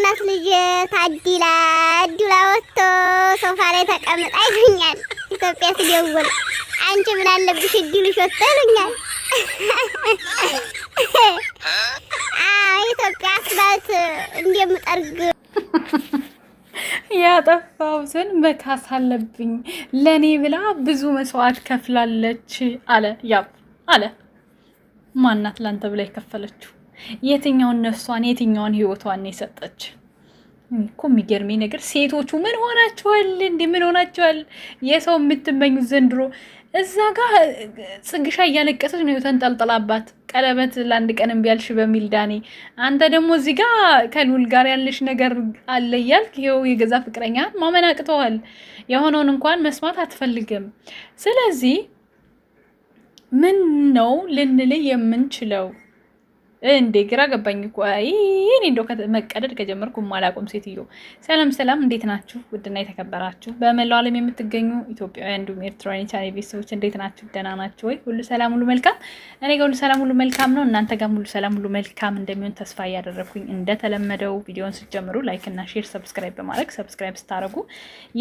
ናት ልጅ ታዲላ አዲላ ወጥቶ ሶፋ ላይ ተቀምጣ ይሉኛል። ኢትዮጵያ ስደውል አንቺ ምን አለብሽ እድልሽ ወጥቶ ይሉኛል። ኢትዮጵያ አስባት እንደምጠርግ ያጠፋሁትን መካስ አለብኝ። ለእኔ ብላ ብዙ መስዋዕት ከፍላለች አለ ያብ አለ ማናት ላንተ ብላ የከፈለችው የትኛውን ነፍሷን የትኛውን ህይወቷን የሰጠች እኮ የሚገርመኝ ነገር ሴቶቹ ምን ሆናችኋል? እንዲ ምን ሆናችኋል? የሰው የምትመኙት ዘንድሮ። እዛ ጋር ጽግሻ እያለቀሰች ነው ተንጠልጠላባት። ቀለበት ለአንድ ቀን እምቢ አልሽ በሚል ዳኔ፣ አንተ ደግሞ እዚህ ጋር ከልኡል ጋር ያለሽ ነገር አለ እያልክ ይኸው የገዛ ፍቅረኛ ማመን አቅተዋል። የሆነውን እንኳን መስማት አትፈልግም። ስለዚህ ምን ነው ልንል የምንችለው? እንዴ ግራ ገባኝ እኮ። ይህን እንደው መቀደድ ከጀመርኩ ማላቆም ሴትዮ። ሰላም ሰላም፣ እንዴት ናችሁ? ውድና የተከበራችሁ በመላው ዓለም የምትገኙ ኢትዮጵያውያን እንዲሁም ኤርትራውያን ቻናል ቤተሰቦች እንዴት ናችሁ? ደህና ናችሁ ወይ? ሁሉ ሰላም ሁሉ መልካም። እኔ ጋር ሁሉ ሰላም ሁሉ መልካም ነው። እናንተ ጋር ሁሉ ሰላም ሁሉ መልካም እንደሚሆን ተስፋ እያደረግኩኝ እንደተለመደው ቪዲዮን ስትጀምሩ ላይክ እና ሼር፣ ሰብስክራይብ በማድረግ ሰብስክራይብ ስታደርጉ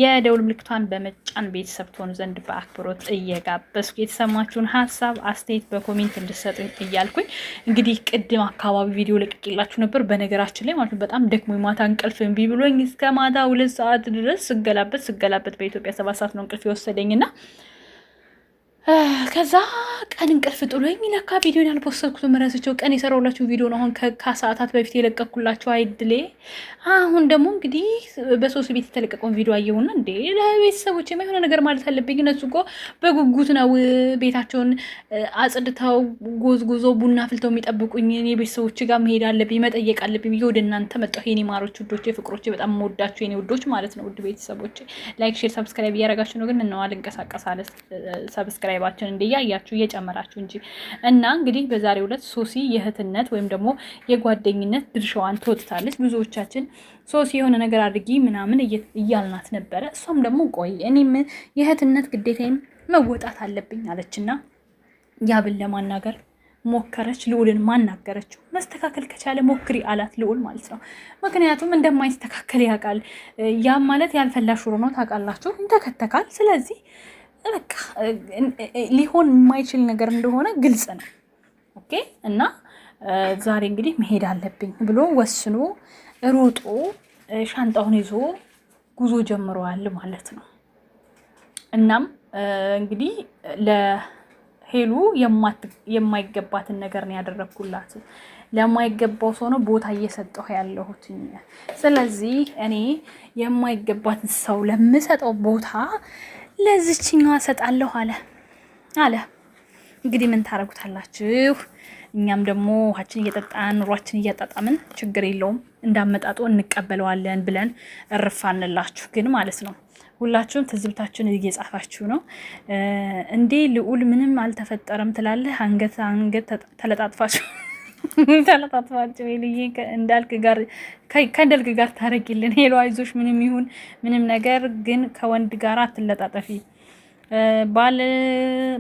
የደውል ምልክቷን በመጫን ቤተሰብ ትሆኑ ዘንድ በአክብሮት እየጋበዝኩ የተሰማችሁን ሀሳብ አስተያየት በኮሜንት እንድሰጡኝ እያልኩኝ እንግዲህ ቅድ ቅድም አካባቢ ቪዲዮ ለቅቄላችሁ ነበር። በነገራችን ላይ ማለት በጣም ደክሞ ማታ እንቅልፍ እምቢ ብሎኝ እስከ ማታ ሁለት ሰዓት ድረስ ስገላበት ስገላበት በኢትዮጵያ ሰባት ሰዓት ነው እንቅልፍ የወሰደኝ እና ከዛ ቀን እንቅልፍ ጥሎ የሚነካ ቪዲዮን ያልፖሰትኩትን መረስቸው ቀን የሰራሁላችሁ ቪዲዮ ነው። አሁን ከሰዓታት በፊት የለቀኩላችሁ አይድሌ። አሁን ደግሞ እንግዲህ በሶስት ቤት የተለቀቀውን ቪዲዮ አየውና እንዴ ለቤተሰቦች የሆነ ነገር ማለት አለብኝ። እነሱ እኮ በጉጉት ነው ቤታቸውን አጽድተው ጎዝጉዞ ቡና ፍልተው የሚጠብቁኝ። የቤተሰቦች ጋር መሄድ አለብኝ፣ መጠየቅ አለብኝ ብዬ ወደ እናንተ መጣሁ። የኔ ማሮች ውዶች፣ ፍቅሮች፣ በጣም መወዳቸው የኔ ውዶች ማለት ነው። ውድ ቤተሰቦች ላይክ፣ ሼር፣ ሰብስክራይብ እያረጋችሁ ነው። ግን እነዋ እንቀሳቀሳለ ሰብስክራይብ ሰብስክራይባችን እንደያያችሁ እየጨመራችሁ እንጂ እና እንግዲህ በዛሬው ዕለት ሶሲ የእህትነት ወይም ደግሞ የጓደኝነት ድርሻዋን ትወጥታለች። ብዙዎቻችን ሶሲ የሆነ ነገር አድርጊ ምናምን እያልናት ነበረ። እሷም ደግሞ ቆይ እኔም የእህትነት ግዴታዬም መወጣት አለብኝ አለችና ያብን ለማናገር ሞከረች። ልዑልን ማናገረችው። መስተካከል ከቻለ ሞክሪ አላት ልዑል ማለት ነው። ምክንያቱም እንደማይስተካከል ያውቃል። ያም ማለት ያልፈላ ሽሮ ነው ታውቃላችሁ፣ ይንተከተካል። ስለዚህ በቃ ሊሆን የማይችል ነገር እንደሆነ ግልጽ ነው። ኦኬ እና ዛሬ እንግዲህ መሄድ አለብኝ ብሎ ወስኖ ሮጦ ሻንጣውን ይዞ ጉዞ ጀምረዋል ማለት ነው። እናም እንግዲህ ለሄሉ የማይገባትን ነገር ነው ያደረግኩላት። ለማይገባው ሰው ነው ቦታ እየሰጠሁ ያለሁት። ስለዚህ እኔ የማይገባትን ሰው ለምሰጠው ቦታ ለዚችኛዋ ሰጣለሁ አለ አለ። እንግዲህ ምን ታደርጉታላችሁ? እኛም ደግሞ ውሃችን እየጠጣን ኑሯችን እያጣጣምን ችግር የለውም እንዳመጣጡ እንቀበለዋለን ብለን እርፋንላችሁ። ግን ማለት ነው። ሁላችሁም ትዝብታችሁን እየጻፋችሁ ነው እንዴ? ልዑል ምንም አልተፈጠረም ትላለህ። አንገት አንገት ተለጣጥፋችሁ ተለጣጥፋቸው ልዬ እንዳልክ ጋር ከእንደልክ ጋር ታረቂልን ሄሎ አይዞሽ ምንም ይሁን ምንም ነገር ግን ከወንድ ጋር አትለጣጠፊ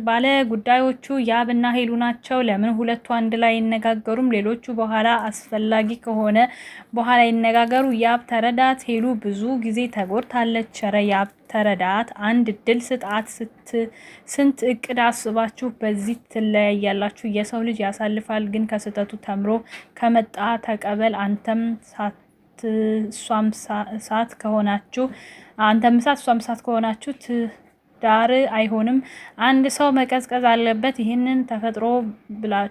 ባለ ጉዳዮቹ ያብና ሄሉ ናቸው። ለምን ሁለቱ አንድ ላይ አይነጋገሩም? ሌሎቹ በኋላ አስፈላጊ ከሆነ በኋላ ይነጋገሩ። ያብ ተረዳት። ሄሉ ብዙ ጊዜ ተጎድታለች። ኧረ ያብ ተረዳት። አንድ ድል ስጣት። ስንት እቅድ አስባችሁ በዚህ ትለያያላችሁ? የሰው ልጅ ያሳልፋል፣ ግን ከስህተቱ ተምሮ ከመጣ ተቀበል። አንተም ሳት እሷም ሳት ከሆናችሁ አንተም ሳት እሷም ሳት ከሆናችሁ ዳር አይሆንም። አንድ ሰው መቀዝቀዝ አለበት። ይህንን ተፈጥሮ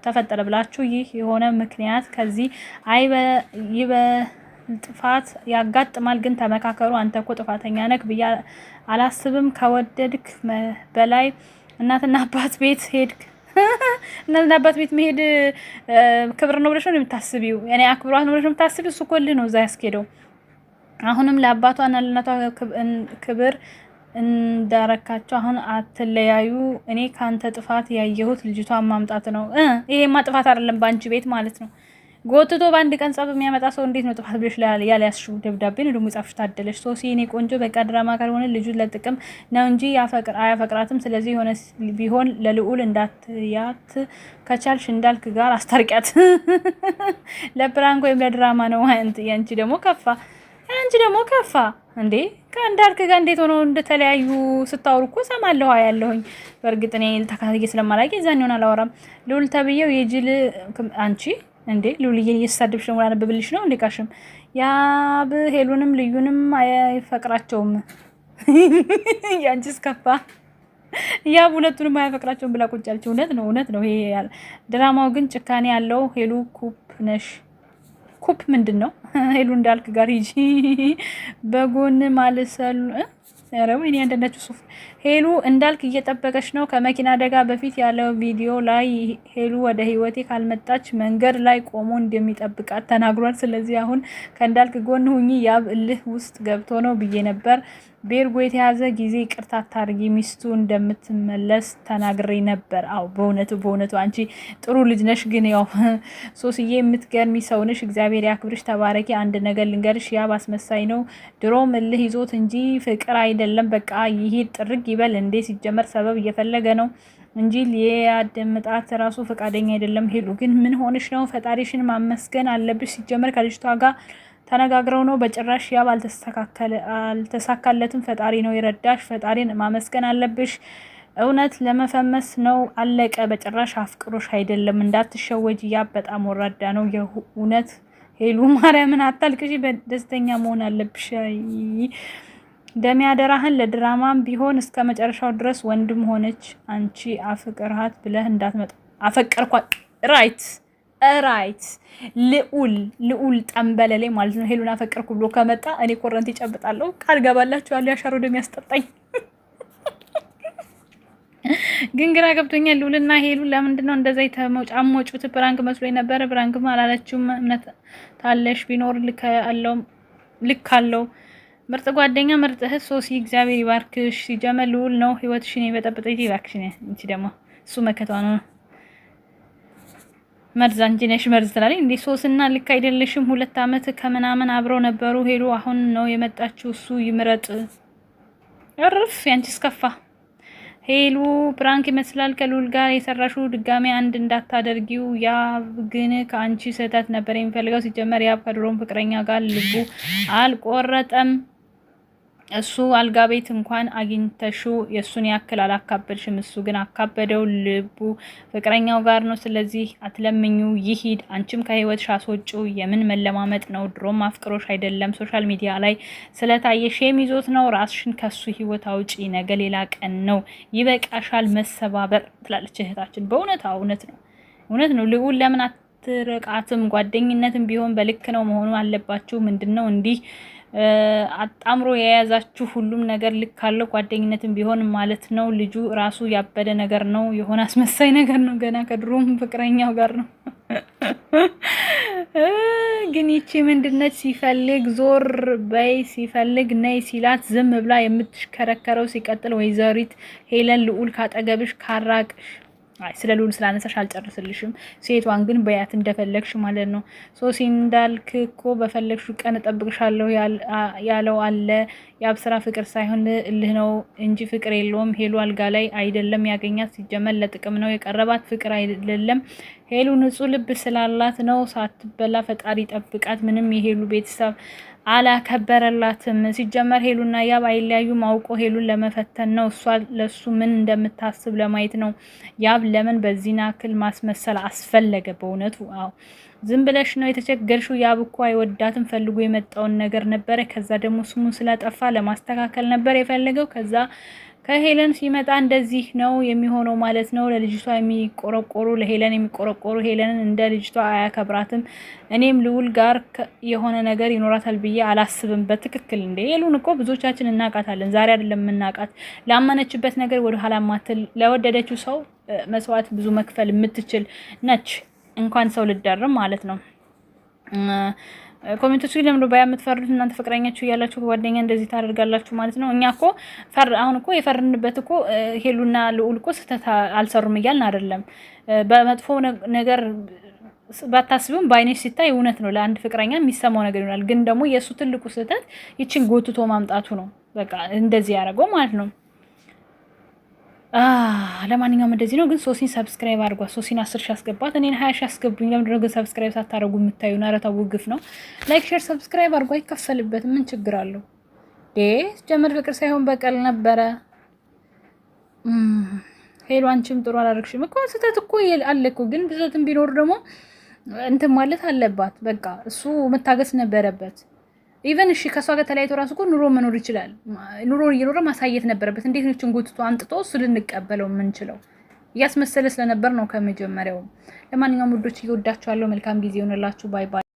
ተፈጠረ ብላችሁ ይህ የሆነ ምክንያት ከዚህ ይበ ጥፋት ያጋጥማል። ግን ተመካከሩ። አንተ እኮ ጥፋተኛ ነክ ብዬ አላስብም። ከወደድክ በላይ እናትና አባት ቤት ሄድክ። እናትና አባት ቤት መሄድ ክብር ነው ብለሽ ነው የምታስቢው? እኔ አክብሯት ነው ብለሽ ነው የምታስቢው? እሱ እኮ ልህ ነው እዛ ያስኬደው። አሁንም ለአባቷና ለእናቷ ክብር እንዳረካቸው አሁን አትለያዩ። እኔ ከአንተ ጥፋት ያየሁት ልጅቷን ማምጣት ነው። ይሄማ ጥፋት አይደለም፣ በአንቺ ቤት ማለት ነው። ጎትቶ በአንድ ቀን ጸብ የሚያመጣ ሰው እንዴት ነው ጥፋት ብለሽ ያልያዝሽው ደብዳቤ ነው ደግሞ የጻፍሽ? ታደለች ሶሲ፣ እኔ ቆንጆ። በቃ ድራማ ካልሆነ ልጁ ለጥቅም ነው እንጂ አያፈቅራትም። ስለዚህ የሆነ ቢሆን ለልዑል እንዳትያት ከቻልሽ እንዳልክ ጋር አስታርቂያት። ለፕራንክ ወይም ለድራማ ነው። ያንቺ ደግሞ ከፋ፣ ያንቺ ደግሞ ከፋ እንዴ ከእንዳልክ ጋር እንዴት ሆነው እንደተለያዩ ስታወሩ እኮ ሰማለሁ ያለሁኝ። በእርግጥ እኔ ተከታትዬ ስለማላውቅ እዛን ይሆን አላወራም። ልዑል ተብዬው የጅል አንቺ እንዴ ልዑልዬ እየተሳደብሽ ነው? ላነብብልሽ ነው እንዴ? ቃሽም ያብ ሄሉንም ልዩንም አይፈቅራቸውም። ያንቺስ ከፋ። ያ ሁለቱንም አያፈቅራቸውም ብላ ቁጭ ያለች እውነት ነው፣ እውነት ነው። ይሄ ድራማው ግን ጭካኔ ያለው ሄሉ ኩፕ ነሽ። ኮፕ ምንድን ነው? ሄሉ እንዳልክ ጋር ሂጂ በጎን ማልሰሉ ረው እኔ አንዳንዳችሁ ሱፍ ሄሉ እንዳልክ እየጠበቀች ነው። ከመኪና አደጋ በፊት ያለው ቪዲዮ ላይ ሄሉ ወደ ህይወቴ ካልመጣች መንገድ ላይ ቆሞ እንደሚጠብቃት ተናግሯል። ስለዚህ አሁን ከእንዳልክ ጎን ሁኚ። ያብ እልህ ውስጥ ገብቶ ነው ብዬ ነበር ቤርጎ የተያዘ ጊዜ ይቅርታ አታርጊ፣ ሚስቱ እንደምትመለስ ተናግሬ ነበር። አዎ በእውነቱ በእውነቱ አንቺ ጥሩ ልጅ ነሽ፣ ግን ያው ሶስዬ የምትገርሚ ሰው ነሽ። እግዚአብሔር ያክብርሽ፣ ተባረኪ። አንድ ነገር ልንገርሽ፣ ያ ባስመሳይ ነው ድሮም እልህ ይዞት እንጂ ፍቅር አይደለም። በቃ ይሄ ጥርግ ይበል እንዴ! ሲጀመር ሰበብ እየፈለገ ነው እንጂ ሊያደምጣት ራሱ ፈቃደኛ አይደለም። ሄሉ ግን ምን ሆንሽ ነው? ፈጣሪሽን ማመስገን አለብሽ። ሲጀመር ከልጅቷ ጋር ተነጋግረው ነው። በጭራሽ ያ አልተሳካለትም። ፈጣሪ ነው የረዳሽ። ፈጣሪን ማመስገን አለብሽ። እውነት ለመፈመስ ነው። አለቀ። በጭራሽ አፍቅሮሽ አይደለም። እንዳትሸወጅ። ያ በጣም ወራዳ ነው። የእውነት ሄሉ ማርያምን አታልቅሽ። በደስተኛ መሆን አለብሽ። ደሜ አደራህን ለድራማም ቢሆን እስከ መጨረሻው ድረስ ወንድም ሆነች አንቺ አፍቅርሃት ብለህ እንዳትመጣ አፈቀርኳ ራይት ራይት ልዑል ልዑል ጠንበለሌ ማለት ነው። ሄሉን አፈቀርኩ ብሎ ከመጣ እኔ ኮረንቲ ይጨብጣለሁ። ቃል ገባላችኋለሁ። ያሻሮ ደም ያስጠጣኝ። ግን ግራ ገብቶኛል። ልዑልና ሄሉ ለምንድን ነው እንደዛ የተሞጫሞጩት? ብራንክ መስሎ ነበረ። ብራንክም አላለችውም። እምነት ታለሽ ቢኖር ልክ አለው። ምርጥ ጓደኛ፣ ምርጥ እህት ሶሲ፣ እግዚአብሔር ይባርክሽ። ሲጀመር ልዑል ነው ህይወትሽን የበጠበጠ ይባርክሽ። እንቺ ደግሞ እሱ መከቷ ነው። መርዝ አንቺ ነሽ መርዝ ትላለች እንዴ ሶስና ልክ አይደለሽም ሁለት አመት ከምናምን አብረው ነበሩ ሄሉ አሁን ነው የመጣችው እሱ ይምረጥ እርፍ ያንቺ እስከፋ ሄሉ ፕራንክ ይመስላል ከሉል ጋር የሰራሹ ድጋሚ አንድ እንዳታደርጊው ያብ ግን ከአንቺ ስህተት ነበር የሚፈልገው ሲጀመር ያብ ከድሮም ፍቅረኛ ጋር ልቡ አልቆረጠም እሱ አልጋ ቤት እንኳን አግኝተሹ የእሱን ያክል አላካበድሽም። እሱ ግን አካበደው። ልቡ ፍቅረኛው ጋር ነው። ስለዚህ አትለምኙ፣ ይሂድ። አንቺም ከህይወትሽ አስወጪው። የምን መለማመጥ ነው? ድሮም አፍቅሮሽ አይደለም። ሶሻል ሚዲያ ላይ ሼም ይዞት ነው። ራስሽን ከሱ ህይወት አውጪ። ነገ ሌላ ቀን ነው። ይበቃሻል መሰባበር ትላለች እህታችን። በእውነት እውነት ነው፣ እውነት ነው። ልዑል ለምን አትርቃትም? ጓደኝነትም ቢሆን በልክ ነው መሆኑ አለባችሁ። ምንድን ነው እንዲህ አጣምሮ የያዛችሁ ሁሉም ነገር ልክ አለው። ጓደኝነትም ቢሆን ማለት ነው። ልጁ ራሱ ያበደ ነገር ነው፣ የሆነ አስመሳይ ነገር ነው። ገና ከድሮም ፍቅረኛው ጋር ነው። ግን ይቺ ምንድነች? ሲፈልግ ዞር በይ፣ ሲፈልግ ነይ ሲላት ዝም ብላ የምትሽከረከረው። ሲቀጥል ወይዘሪት ሄለን ልዑል ካጠገብሽ ካራቅሽ አይ ስለ ልዑል ስላነሳሽ አልጨርስልሽም። ሴቷን ግን በያት እንደፈለግሽ ማለት ነው። ሶሲ እንዳልክ እኮ በፈለግሽ ቀን እጠብቅሻለሁ ያለው አለ። የአብስራ ፍቅር ሳይሆን እልህ ነው እንጂ ፍቅር የለውም። ሄሉ አልጋ ላይ አይደለም ያገኛት። ሲጀመር ለጥቅም ነው የቀረባት ፍቅር አይደለም ሄሉ ንጹህ ልብ ስላላት ነው ሳትበላ ፈጣሪ ጠብቃት። ምንም የሄሉ ቤተሰብ አላከበረላትም። ሲጀመር ሄሉና ያብ አይለያዩ ማውቆ ሄሉን ለመፈተን ነው። እሷ ለሱ ምን እንደምታስብ ለማየት ነው። ያብ ለምን በዚህን ክል ማስመሰል አስፈለገ? በእውነቱ አዎ ዝም ብለሽ ነው የተቸገርሽው። ያብ እኮ አይወዳትም። ፈልጎ የመጣውን ነገር ነበረ። ከዛ ደግሞ ስሙን ስለጠፋ ለማስተካከል ነበር የፈለገው ከዛ ከሄለን ሲመጣ እንደዚህ ነው የሚሆነው ማለት ነው። ለልጅቷ የሚቆረቆሩ ለሄለን የሚቆረቆሩ ሄለንን እንደ ልጅቷ አያከብራትም። እኔም ልውል ጋር የሆነ ነገር ይኖራታል ብዬ አላስብም። በትክክል እንደ ሄሉን እኮ ብዙዎቻችን እናውቃታለን። ዛሬ አይደለም የምናውቃት። ላመነችበት ነገር ወደ ኋላ ማትል ለወደደችው ሰው መስዋዕት ብዙ መክፈል የምትችል ነች። እንኳን ሰው ልደርም ማለት ነው ኮሜንቶች ግን ለምዶ ባያ የምትፈርዱት እናንተ ፍቅረኛችሁ እያላችሁ ጓደኛ እንደዚህ ታደርጋላችሁ ማለት ነው። እኛ እኮ ፈር አሁን እኮ የፈርንበት እኮ ሄሉና ልዑል እኮ ስህተት አልሰሩም እያልን አይደለም። በመጥፎ ነገር ባታስቢውም በአይነሽ ሲታይ እውነት ነው። ለአንድ ፍቅረኛ የሚሰማው ነገር ይሆናል። ግን ደግሞ የእሱ ትልቁ ስህተት ይችን ጎትቶ ማምጣቱ ነው። በቃ እንደዚህ ያደረገው ማለት ነው። ለማንኛውም እንደዚህ ነው። ግን ሶሲን ሰብስክራይብ አድርጓት። ሶሲን አስር ሺ አስገባት። እኔን ሀያ ሺ አስገቡኝ። ለምንድን ነው ግን ሰብስክራይብ ሳታደርጉ የምታዩ? ኧረ ውግፍ ነው። ላይክ፣ ሼር፣ ሰብስክራይብ አድርጓ። አይከፈልበት። ምን ችግር አለው? ጀምር ፍቅር ሳይሆን በቀል ነበረ። ሄሎ አንቺም ጥሩ አላደረግሽም እኮ ስህተት እኮ አለ እኮ። ግን ብዛትም ቢኖር ደግሞ እንትን ማለት አለባት። በቃ እሱ መታገስ ነበረበት። ኢቨን እሺ ከእሷ ጋር ተለያይቶ ራሱ እኮ ኑሮ መኖር ይችላል። ኑሮ እየኖረ ማሳየት ነበረበት። እንዴት ነችን ጎትቶ አንጥቶ እሱ ልንቀበለው የምንችለው እያስመሰለ ስለነበር ነው ከመጀመሪያውም። ለማንኛውም ውዶች እየወዳችኋለሁ። መልካም ጊዜ ይሆንላችሁ። ባይ ባይ።